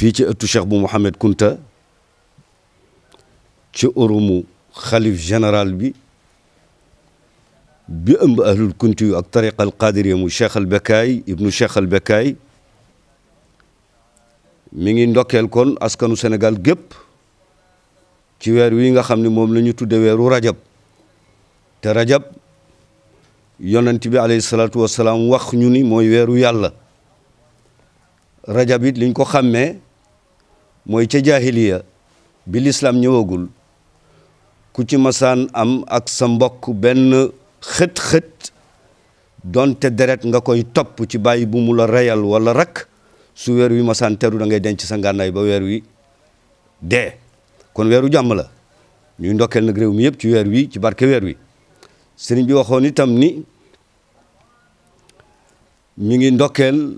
fii ci ëttu cheikh bu Mouhamed Kunta ci urumu xalif général bi bi ëmb ahlul kunti ak tariqa al qadiriya mu cheikh al bekaay ibnu cheikh al bekaay mi ngi ndokkeel kon askanu senegal gépp ci weer wi nga xam ni moom la ñu weeru rajab te rajab yonent bi alayhi salaatu wasalaam wax ñu ni mooy weeru yàlla rajab mooy ca jaahiliya bi lislaam ñëwagul ku ci masaan am ak sa mbokk benn xët-xët donte deret nga koy topp ci bàyyi bu mu la reyal wala rak su weer wi masaan teru da ngay denc sa ngànnaay ba weer wi dee kon weeru jàmm la ñuy ndokkeel nag réew mi yëpp ci weer wi ci barke weer wi sëriñ bi waxoon itam ni mi ngi ndokkeel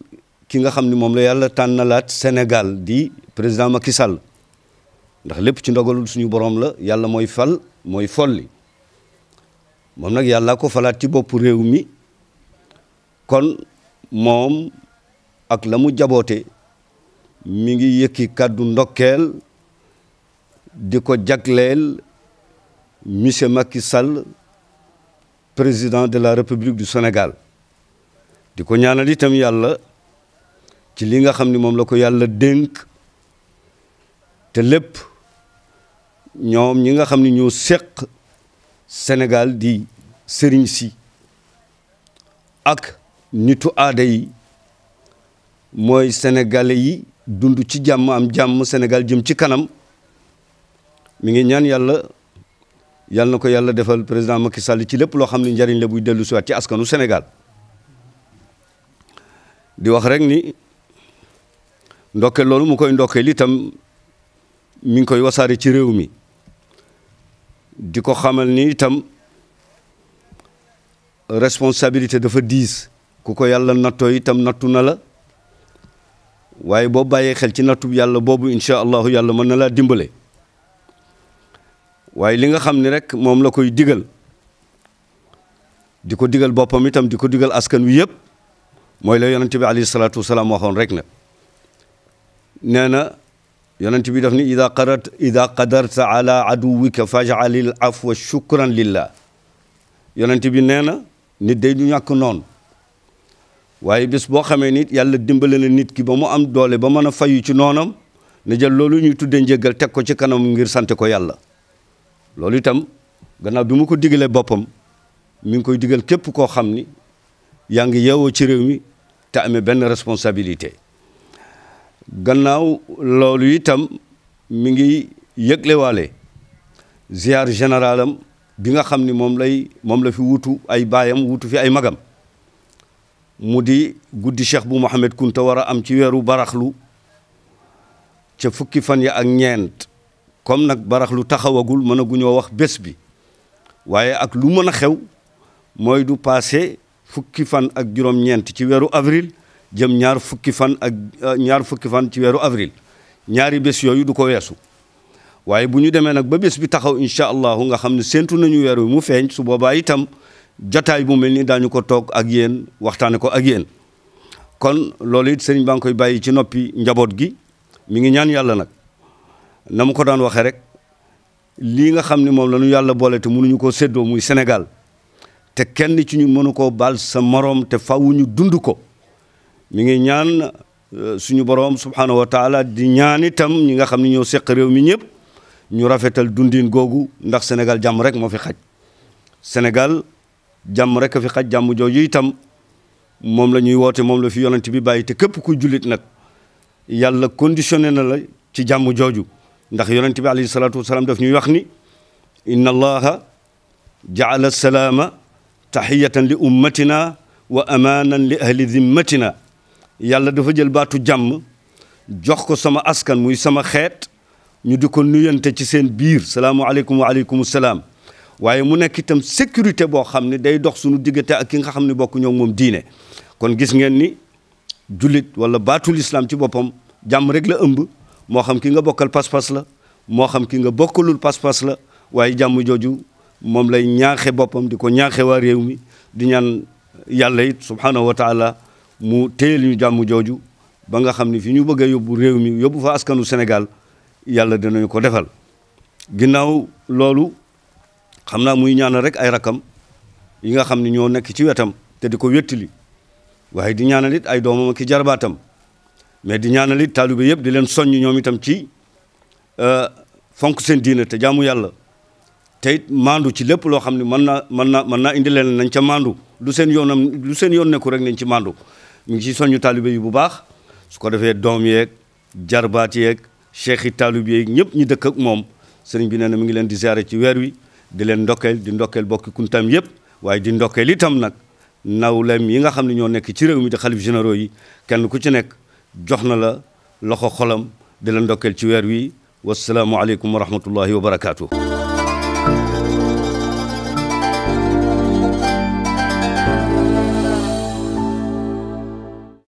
ki nga xam ni moom la yàlla tànnalaat Sénégal di président Macky Sall ndax lépp ci ndogalul suñu borom la yàlla mooy fal mooy folli moom nag yàlla ko falaat ci boppu réew mi kon moom ak lamu jaboote mi ngi yékki kàddu ndokkeel di ko jagleel monsieur Macky Sall président de la République du Sénégal di ko ñaanal itam yàlla ci li nga xam ni moom la ko yàlla dénk te lépp ñoom ñi nga xam ni ñoo seq Sénégal di sëriñ si ak nitu aada yi mooy sénégalais yi dund ci jàmm am jàmm Sénégal jëm ci kanam mi ngi ñaan yàlla yàlla na ko yàlla defal président Macky Sall ci lépp loo xam ni njariñ la buy dellu siwaat ci askanu Sénégal di wax rek ni ndokkeel loolu mu koy ndokkeel itam mi ngi koy wasaare ci réew mi di ko xamal ni itam responsabilité dafa diis ku ko yàlla nattoo itam nattu na la waaye boo bàyyee xel ci nattu yàlla boobu incha allahu yàlla mën na laa dimbale waaye li nga xam ni rek moom la koy digal di ko digal boppam itam di ko digal askan wi yëpp mooy la yonente bi alayhi salaatu wasalaam waxoon rek na nee na yonent bi daf ni ida qarat ida qadarta ala aduwika faj'alil afwa shukran lillah yonent bi nee na nit day du ñàkk noon waaye bés boo xamee nit yàlla dimbale na nit ki ba mu am doole ba mën a fayu ci noonam na jël loolu ñuy tuddee njëggal teg ko ci kanam ngir sant ko yàlla loolu itam gannaaw bi mu ko digalee boppam mi ngi koy digal képp koo xam ni yaa ngi yeewoo ci réew mi te ame benn responsabilité gannaaw loolu itam mu ngi yëglewaale ziar am bi nga xam ni moom lay moom la fi wutu ay baayam wutu fi ay magam mu di guddi cheikh bu Mohamed Kunta war a am ci weeru baraxlu ca fukki fan yi ak ñeent comme nag baraxlu taxawagul mën a wax bés bi waaye ak lu mën a xew mooy du passé fukki fan ak juróom-ñeent ci weeru avril jëm ñaar fukki fan ak euh, ñaar fukki fan ci weeru avril ñaari bés yooyu du ko weesu waaye bu ñu demee nag ba bés bi taxaw incha allahu nga xam ne séntu nañu weer wi mu feeñ su boobaa itam jotaay bu mel ni daañu ko toog ak yéen waxtaane ko ak yéen kon loolu it sëriñ baa ngi koy bàyyi ci noppi njaboot gi mi ngi ñaan yàlla nag na mu ko daan waxee rek lii nga xam ne moom la yàlla boole te mënuñu koo séddoo muy Sénégal te kenn ci ñu mënu koo baal sa moroom te fawuñu dund ko mi ngi ñaan euh, suñu borom subhanahu wa taala di ñaan itam ñi nga xam ne ñoo seq réew mi ñëpp ñu rafetal dundin googu ndax Sénégal jàmm rek moo fi xaj Sénégal jàmm rek a fi xaj jàmm jooju itam moom la ñuy woote moom la fi yonent bi bàyyi te képp ku jullit nag yàlla conditionné na la ci jàmm jooju ndax yonent bi alayhi salaatu wasalaam daf ñuy wax ni inna allaha jaala salaama tahiyatan li ummatina wa amaanan li ahli zimmatina yàlla dafa jël baatu jàmm jox ko sama askan muy sama xeet ñu di ko nuyante ci seen biir salaamualeykum waaleykum salaam waaye mu nekk itam sécurité boo xam ne day dox suñu diggante ak ki nga xam ne bokk ñoo moom diine kon gis ngeen ni jullit wala baatul islam ci boppam jàmm rek la ëmb moo xam ki nga bokkal pas-pas la moo xam ki nga bokkalul pas-pas la waaye jàmm jooju moom lay ñaaxe boppam di ko ñaaxe réew mi di ñaan yàlla it subhanahu wa mu téyel ñu jàmm jooju ba nga xam ni fi ñu bëgg a yóbbu réew mi yóbbu fa askanu Sénégal yàlla dinañu ko defal ginnaaw loolu xam naa muy ñaanal rek ay rakam yi nga xam ni ñoo nekk ci wetam te di ko wéttali waaye di ñaanal it ay doomam ak jarbaatam mais di ñaanal it taalibe yëpp di leen soññ ñoom itam ci euh, fonk seen diina te jaamu yàlla te it maandu ci lépp loo xam ne mën naa mën naa mën naa indi leen nañ ca maandu lu seen yoonam lu seen yoon nekku rek nañ ci maandu mi ngi ci soññu taalibe yi bu baax su ko defee doom yeeg jarbaat yeeg cheikh yi taalibe yeeg ñëpp ñu dëkk ak moom sëriñ bi nee na mi ngi leen di ziare ci weer wi di leen ndokkeel di ndokkeel bokki kuntam yëpp waaye di ndokkeel itam nag nawleem yi nga xam ne ñoo nekk ci réew mi di xalif généraux yi kenn ku ci nekk jox na la loxo xolam di la ndokkeel ci weer wi wasalaamualeykum wa rahmatullahi wa barakaatu.